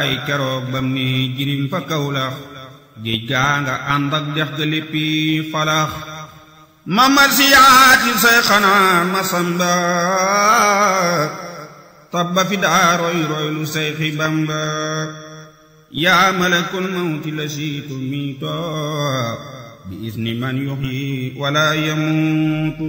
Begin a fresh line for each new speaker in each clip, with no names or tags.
laay keroog bam ni jirim fa kawlax géej gaa nga ànd ak dex ga léppi falax ma marsiyaati say xanaa ma samba tabba fi daa roy roy lu say xi bamba yaa malakul mawti la siitu miito bi isni man yuxyi wala yamuutu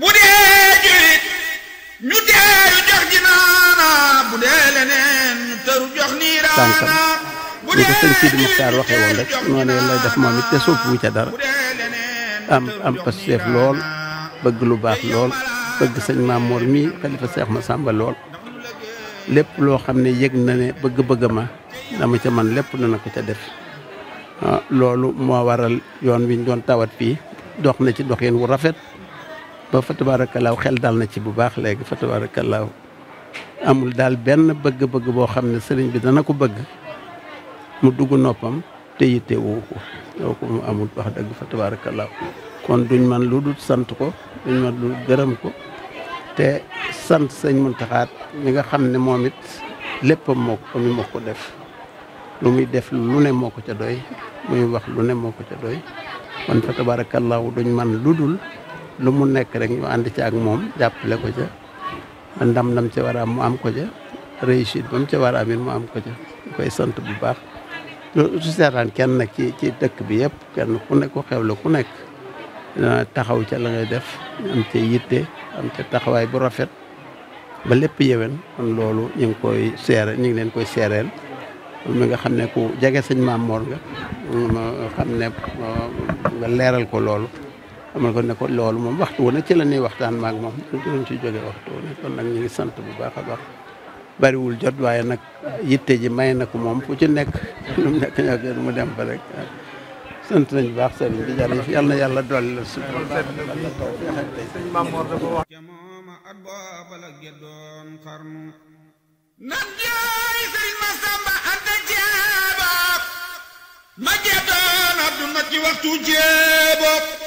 bu dee julit ñu teeru jox ginaana bu dee leneen ñu teru jox niiraana
bu dee leneen ñu teru jox niiraana bu dee leneen ñu teru jox niiraana bu dee leneen ñu teru jox niiraana bu dee leneen ñu teru jox niiraana bu dee leneen ñu teru jox niiraana bu dee leneen ñu teru jox niiraana bu dee leneen ñu teru jox niiraana bu dee leneen ñu teru jox niiraana bu dee leneen ñu teru jox niiraana bu dee leneen ñu teru jox niiraana bu dee leneen ñu teru jox niiraana bu dee ba fa tabaarakalaaw xel daal na ci bu baax léegi fa tabaarakalaaw amul daal benn bëgg-bëgg boo xam ne sëriñ bi dana ko bëgg mu dugg noppam te yitte woo ko woo ko mu amul wax dëgg fa tabaarakalaaw kon duñ man lu dul sant ko duñ man lu gërëm ko te sant sëñ taxaat mi nga xam ne moom it léppam moo ko mi moo ko def lu muy def lu ne moo ko ca doy muy wax lu ne moo ko ca doy kon fa tabaarakalaaw duñ man lu dul lu mu nekk rek ñu ànd ci ak moom jàppale ko ca ndam nam ca war a am mu am ko ca réussite ba mu ca war a mu am ko ca ñu koy sant bu baax loolu su seetaan kenn nag ci ci dëkk bi yëpp kenn ku nekk ku xew la ku nekk taxaw ca la ngay def am ca yitte am ca taxawaay bu rafet ba lépp yewen kon loolu ñu ngi koy seere ñu ngi leen koy seereel mi nga xam ne ku jege sëñ Maam Mor nga ma xam ne nga leeral ko loolu man ko ne loolu moom waxtu wu ne ci la ñuy waxtaan maak moom duñ ci jóge waxtu wu ne kon nag ñu ngi sant bu baax a baax bariwul jot waaye nag yitte ji may na ko moom fu ci nekk lu mu nekk ñoo gën mu dem ba rek sant nañ bu baax sëriñ bi jërëjëf yal na yàlla dolli la su nan jooy
sëñ Masamba Anta Jeeba waxtu jeebop